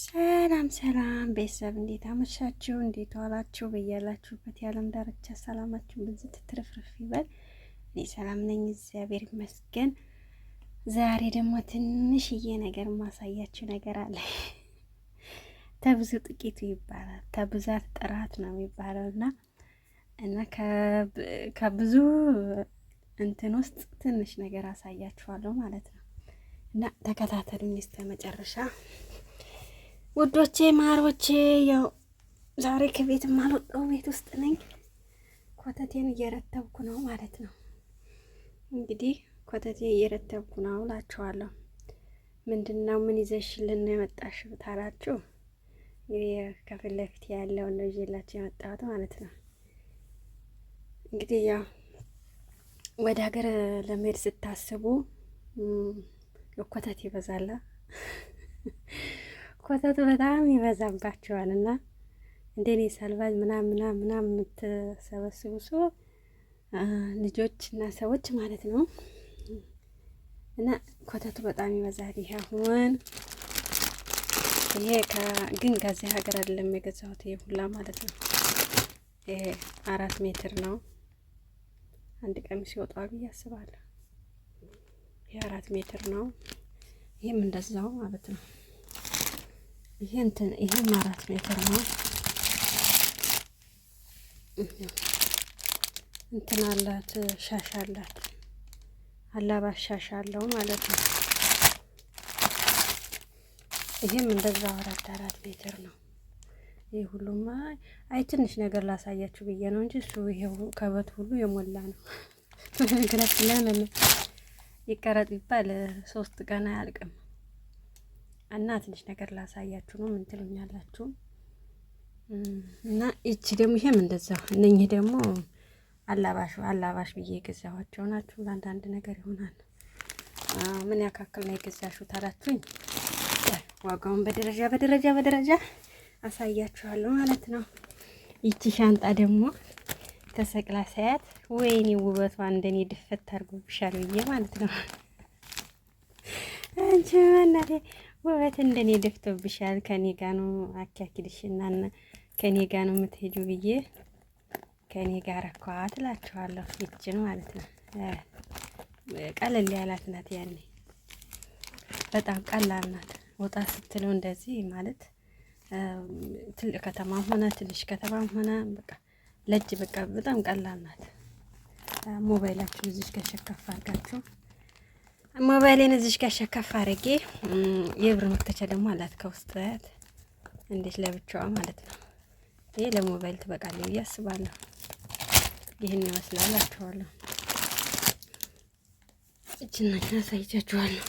ሰላም ሰላም ቤተሰብ እንዴት አመሻችሁ? እንዴት ዋላችሁ? በያላችሁበት የዓለም ዳርቻ ሰላማችሁ ብዝት ትርፍርፍ ይበል። እኔ ሰላም ነኝ፣ እግዚአብሔር ይመስገን። ዛሬ ደግሞ ትንሽዬ ነገር ማሳያችሁ ነገር አለ። ተብዙ ጥቂቱ ይባላል፣ ተብዛት ጥራት ነው የሚባለው እና እና ከብዙ እንትን ውስጥ ትንሽ ነገር አሳያችኋለሁ ማለት ነው እና ተከታተሉኝ እስከ መጨረሻ ውዶቼ ማሮቼ ያው ዛሬ ከቤት ማልወጣው ቤት ውስጥ ነኝ። ኮተቴን እየረተብኩ ነው ማለት ነው። እንግዲህ ኮተቴ እየረተብኩ ነው እላችኋለሁ። ምንድን ነው ምን ይዘሽልን ነው የመጣሽ ብታላችሁ፣ እንግዲህ ከፊት ለፊት ያለውን ነው ይዤላችሁ የመጣሁት ማለት ነው። እንግዲህ ያው ወደ ሀገር ለመሄድ ስታስቡ ኮተት ይበዛላ ኮተቱ በጣም ይበዛባቸዋል እና እንደኔ ሳልቫጅ ምናም ምናም ምናም የምትሰበስቡ ሰው ልጆች እና ሰዎች ማለት ነው እና ኮተቱ በጣም ይበዛል። ይሄ አሁን ይሄ ግን ከዚህ ሀገር አይደለም የገዛሁት ይሄ ሁላ ማለት ነው። ይሄ አራት ሜትር ነው። አንድ ቀን ሲወጣ ብዬ አስባለሁ። ይሄ አራት ሜትር ነው። ይህም እንደዛው ማለት ነው። ይሄ እንትን ይሄም አራት ሜትር ነው። እንትን አላት ሻሽ አላት አላባሽ ሻሽ አለው ማለት ነው። ይሄም እንደዛ አራት አራት ሜትር ነው። ይሄ ሁሉማ አይ ትንሽ ነገር ላሳያችሁ ብዬ ነው እንጂ እሱ ይሄው ከበት ሁሉ የሞላ ነው። በነገራችን ላይ ይቀረጥ ይባል ሶስት ቀን አያልቅም። እና ትንሽ ነገር ላሳያችሁ ነው። ምን ትሉኛላችሁ? እና ይቺ ደግሞ ይሄም እንደዛው እነኚህ ደግሞ አላባሽ አላባሽ ብዬ የገዛኋቸው ናችሁ። ለአንዳንድ ነገር ይሆናል። ምን ያካክል ነው የገዛሹ ታላችሁኝ? ዋጋውን በደረጃ በደረጃ በደረጃ አሳያችኋለሁ ማለት ነው። ይቺ ሻንጣ ደግሞ ተሰቅላ ሳያት ወይኔ ውበቷ እንደኔ ድፈት አድርጎብሻል ብዬ ማለት ነው። አንቺ ውበት እንደኔ ደፍቶብሻል፣ ከኔ ጋ ነው ከኔ ጋ ነው የምትሄጁ ብዬ ከኔ ጋር እኳ ትላችኋለሁ። ይችን ማለት ነው ቀለል ያላት ናት። ያኔ በጣም ቀላል ናት። ወጣ ስትለው እንደዚህ ማለት ትልቅ ከተማም ሆነ ትንሽ ከተማም ሆነ በቃ ለእጅ በቃ በጣም ቀላል ናት። ሞባይላችሁ እዚህ ከሸከፍ አድርጋችሁ ሞባይሌን እዚሽ ጋር ሸከፍ አድርጌ የብር መክተቻ ደግሞ አላት ከውስጥ እንዴት ለብቻዋ ማለት ነው። ይሄ ለሞባይል ትበቃለች ብዬ አስባለሁ። ይህን ይመስላል አቸዋለሁ። እችናኛ አሳይቻችኋለሁ።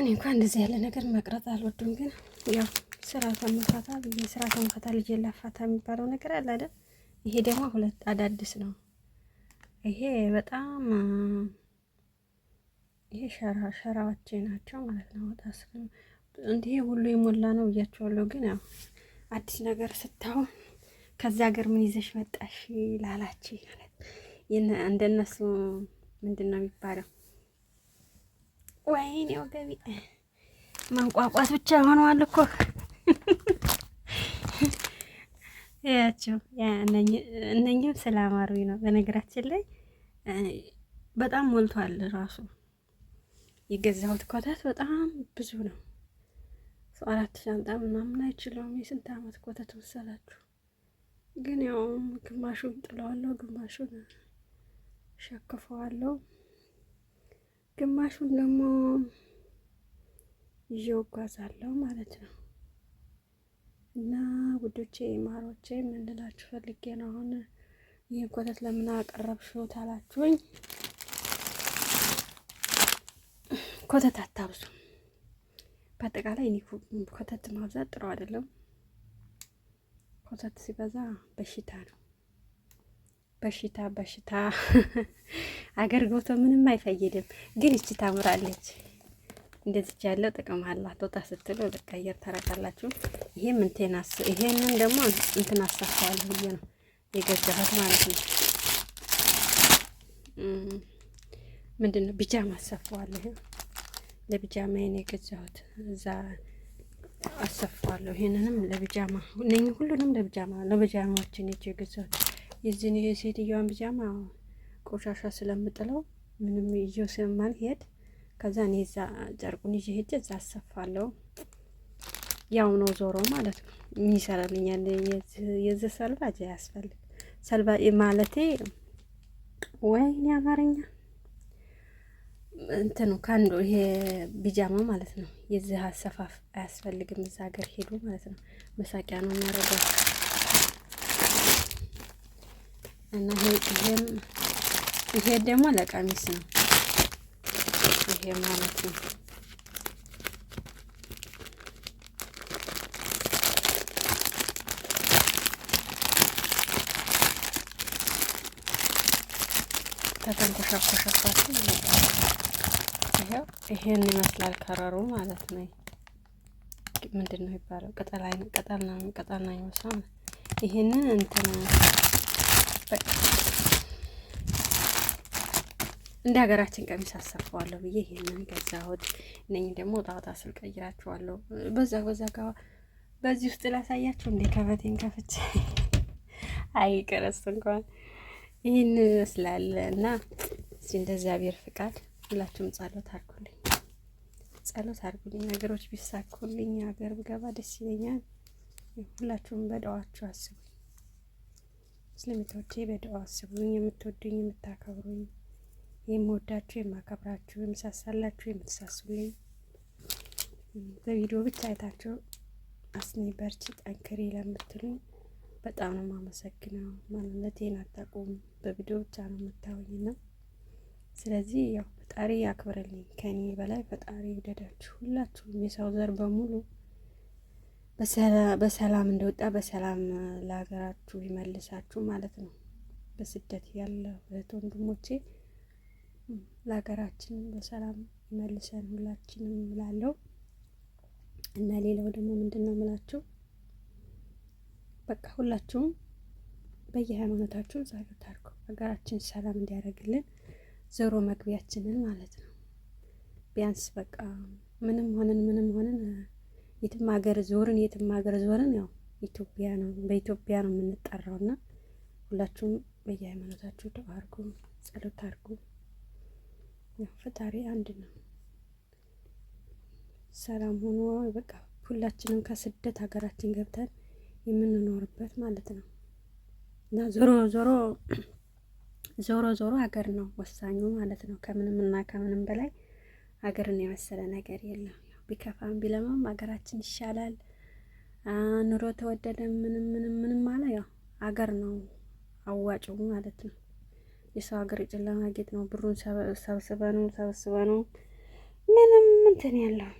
እኔ እንኳን እንደዚህ ያለ ነገር መቅረጥ አልወድም፣ ግን ያው ስራ ተንፈታ ብዬ ስራ ተንፈታ ልጅ ላፋታ የሚባለው ነገር አለ አይደል? ይሄ ደግሞ ሁለት አዳዲስ ነው። ይሄ በጣም ይሄ ሸራ ሸራዎች ናቸው ማለት ነው። ታስክም እንዲህ ሁሉ የሞላ ነው ብያቸዋለሁ። ግን ያው አዲስ ነገር ስታው ከዛ ሀገር ምን ይዘሽ መጣሽ ላላች ማለት እንደነሱ ምንድን ነው የሚባለው? ወይኔ ወገቢ ማንቋቋት ብቻ ሆነዋል እኮ ያቸው። እነኝም ስለ አማሩኝ ነው በነገራችን ላይ በጣም ሞልቷል ራሱ የገዛሁት ኮተት በጣም ብዙ ነው። አራት ሻንጣ ምናምን አይችለውም። የስንት አመት ኮተት መሰላችሁ? ግን ያው ግማሹን ጥለዋለሁ፣ ግማሹን ሸክፈዋለሁ፣ ግማሹን ደግሞ ይዤው እጓዛለሁ ማለት ነው። እና ውዶቼ ማሮቼ ምንላችሁ ፈልጌ ነው። አሁን ይህን ኮተት ለምን አቀረብሽው ታላችሁኝ ኮተት አታብዙ። በአጠቃላይ እኔ ኮተት ማብዛት ጥሩ አይደለም። ኮተት ሲበዛ በሽታ ነው። በሽታ በሽታ አገር ገብቶ ምንም አይፈይድም። ግን እቺ ታምራለች። እንደዚች ያለው ጥቅም አላት። ወጣ ስትሉ በቃ አየር ታረቃላችሁ። ይሄም እንቴናስ ይሄንን ደግሞ እንትን አሳፋለሁ ብዬ ነው የገዛሁት ማለት ነው። ምንድን ነው ቢጃማ ይሄ ለብጃማዬን የገዛሁት እዛ አሰፋለሁ። ይህንንም ለብጃማ እነኝ ሁሉንም ለብጃማ ለብጃማዎችን ች የገዛሁት የዚህን የሴትዮዋን ብጃማ ቆሻሻ ስለምጥለው ምንም ይዤው ስለማልሄድ ከዛ እኔ እዛ ጨርቁን ይዤ ሄጄ እዛ አሰፋለሁ። ያው ነው ዞሮ ማለት ነው ይሰራልኛል። የዚህ ሰልባጅ አያስፈልግ ሰልባ ማለቴ ወይ አማርኛ እንትኑ ከአንዱ ይሄ ቢጃማ ማለት ነው። የዚህ አሰፋፍ አያስፈልግም። እዛ ሀገር ሄዱ ማለት ነው። መሳቂያ ነው የሚያደርገው እና ይሄም ይሄ ደግሞ ለቀሚስ ነው። ይሄ ማለት ነው። ይመጣል ይሄው ይሄን ይመስላል ከረሩ ማለት ነው። ምንድን ነው ይባለው? ቅጠል አይነት ቅጠል ነው ቅጠል ነው ይመስላል። ይሄንን እንትን በቃ እንደ ሀገራችን ቀሚስ አሰፋዋለሁ ብዬ ይሄንን ገዛሁት። እነኝህ ደግሞ ጣጣ ስል ቀይራቸዋለሁ። በዛ በዛ ጋ በዚህ ውስጥ ላሳያችሁ እንዴ ከበቴን ከፍቼ አይ ቀረስ እንኳን ይህን ይመስላል እና እስኪ እንደዚያ ብሔር ፍቃድ ሁላችሁም ጸሎት አርጉልኝ፣ ጸሎት አድርጉልኝ። ነገሮች ቢሳኩልኝ ሀገር ብገባ ደስ ይለኛል። ሁላችሁም በደዋችሁ አስቡ ስለሚተወቼ በደዋ አስቡኝ። የምትወዱኝ የምታከብሩኝ፣ የምወዳችሁ የማከብራችሁ፣ የምሳሳላችሁ የምትሳሱልኝ በቪዲዮ ብቻ አይታችሁ አስኒ በርቺ ጠንክሪ ለምትሉኝ በጣም ነው ማመሰግነው። ማንነቴን አታውቁም። በቪዲዮ ብቻ ነው የምታዩኝ ነው ስለዚህ ያው ፈጣሪ ያክብርልኝ። ከኔ በላይ ፈጣሪ ይውደዳችሁ። ሁላችሁም የሰው ዘር በሙሉ በሰላም እንደወጣ በሰላም ለሀገራችሁ ይመልሳችሁ ማለት ነው። በስደት ያለ እህት ወንድሞቼ ለሀገራችን በሰላም ይመልሰን ሁላችንም እላለሁ። እና ሌላው ደግሞ ምንድን ነው የምላችሁ፣ በቃ ሁላችሁም በየሃይማኖታችሁ ጸሎት አድርጉ፣ ሀገራችን ሰላም እንዲያደርግልን ዞሮ መግቢያችንን ማለት ነው። ቢያንስ በቃ ምንም ሆነን ምንም ሆነን የትም ሀገር ዞርን የትም ሀገር ዞርን ያው ኢትዮጵያ ነው በኢትዮጵያ ነው የምንጠራው እና ሁላችሁም በየሃይማኖታችሁ ዱዓ አርጉ፣ ጸሎት አርጉ። ፈጣሪ አንድ ነው። ሰላም ሆኖ በቃ ሁላችንም ከስደት ሀገራችን ገብተን የምንኖርበት ማለት ነው እና ዞሮ ዞሮ ዞሮ ዞሮ ሀገር ነው ወሳኙ ማለት ነው። ከምንም እና ከምንም በላይ ሀገርን የመሰለ ነገር የለም። ቢከፋም ቢለማም ሀገራችን ይሻላል። ኑሮ ተወደደ ምንም ምንም ምንም አለ ያው ሀገር ነው አዋጩ ማለት ነው። የሰው ሀገር ጭን ለማጌጥ ነው። ብሩን ሰብስበ ነው ሰብስበ ነው ምንም እንትን ያለው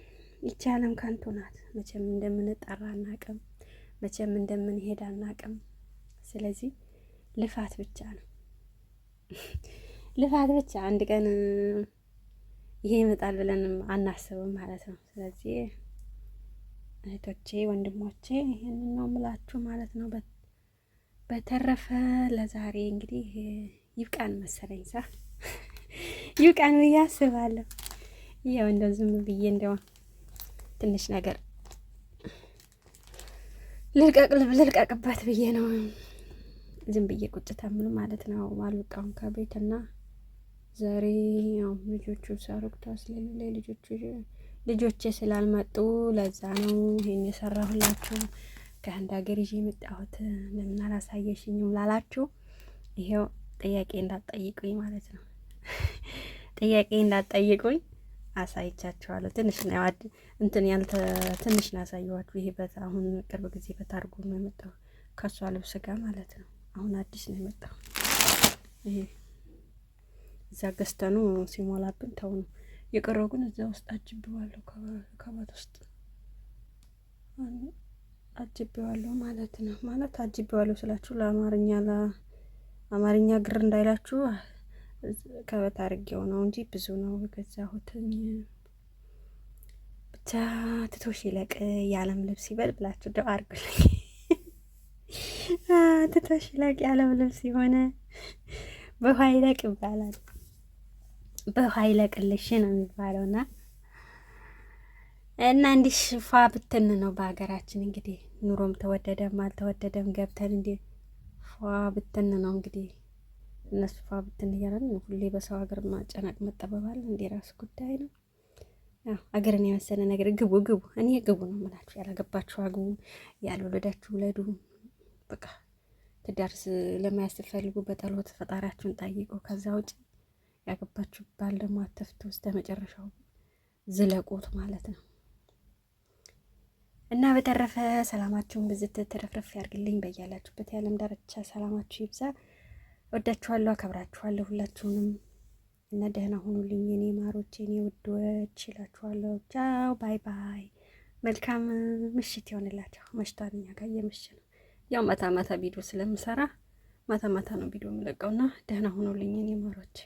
ይቺ ዓለም ከንቱ ናት። መቼም እንደምንጠራ አናቅም፣ መቼም እንደምንሄድ አናቅም። ስለዚህ ልፋት ብቻ ነው። ልፋት ብቻ አንድ ቀን ይሄ ይመጣል ብለን አናስብም ማለት ነው። ስለዚህ እህቶቼ ወንድሞቼ ይህን ነው ምላችሁ ማለት ነው። በተረፈ ለዛሬ እንግዲህ ይብቃን መሰለኝ ሰ ይብቃን ብዬ አስባለሁ። ያው እንደ ዝም ብዬ እንደው ትንሽ ነገር ልልቀቅ ልልቀቅበት ብዬ ነው። ዝም ብዬ ቁጭ ተምሉ ማለት ነው አልወጣሁም ከቤት እና ዛሬ ያው ልጆቹ ሳሩቅታ ስለሌለ ልጆቹ ልጆቼ ስላልመጡ ለዛ ነው ይህን የሰራሁላችሁ። ከህንድ ሀገር ይዤ የመጣሁት ለምን አላሳየሽኝም ላላችሁ ይሄው ጥያቄ እንዳትጠይቁኝ ማለት ነው። ጥያቄ እንዳትጠይቁኝ አሳይቻችኋለሁ። ትንሽ ነው እንትን ያልተ ትንሽ ነው ያሳየኋችሁ። ይሄ በት አሁን ቅርብ ጊዜ በታርጉ ነው የመጣው ከእሷ ልብስ ጋር ማለት ነው። አሁን አዲስ ነው የመጣው። ይሄ እዛ ገዝተኑ ነው ሲሞላብን ተው ነው የቀረው። ግን እዛ ውስጥ አጅብዋለሁ። ከባት ውስጥ አጅብዋለሁ ማለት ነው። ማለት አጅብዋለሁ ስላችሁ ለአማርኛ ለአማርኛ ግር እንዳይላችሁ ከበት አድርጌው ነው እንጂ ብዙ ነው የገዛሁትኝ። ብቻ ትቶሽ ይለቅ የዓለም ልብስ ይበል ብላችሁ ደው አድርጉልኝ። ትቶሽ ይለቅ ያለው ልብስ የሆነ በውሃ ይለቅ ይባላል። በውሃ ይለቅልሽ ነው የሚባለው። እና እና እንዲህ ሽፋ ብትን ነው በሀገራችን እንግዲህ ኑሮም ተወደደም አልተወደደም ገብተን እንዲህ ፏ ብትን ነው እንግዲህ እነሱ ፏ ብትን እያለን ሁሌ በሰው ሀገር ማጨናቅ መጠበባል እንዲ ራሱ ጉዳይ ነው። አገርን የመሰለ ነገር ግቡ ግቡ፣ እኔ ግቡ ነው የምላችሁ። ያላገባችሁ አግቡ፣ ያልወለዳችሁ ውለዱ። በቃ ትዳር ለመያዝ ስትፈልጉ ፈጣሪያችሁን ጠይቁ። ከዛ ውጭ ያገባችሁ ባል ደግሞ አተፍቱ እስከ መጨረሻው ዝለቁት ማለት ነው። እና በተረፈ ሰላማችሁን ብዝት ትረፍረፍ ያርግልኝ። በያላችሁበት የዓለም ዳርቻ ሰላማችሁ ይብዛ። ወዳችኋለሁ፣ አከብራችኋለሁ ሁላችሁንም። እና ደህና ሁኑልኝ የኔ ማሮች፣ የኔ ውድዎች ይላችኋለሁ። ቻው ባይ ባይ። መልካም ምሽት ይሆንላቸው። መሽቷል፣ እኛ ጋር እየመሸ ነው። ያው ማታ ቪዲዮ ስለምሰራ ማታ ማታ ነው ቪዲዮ የምለቀውና ደህና ሆኖልኝ እኔ ማሮቼ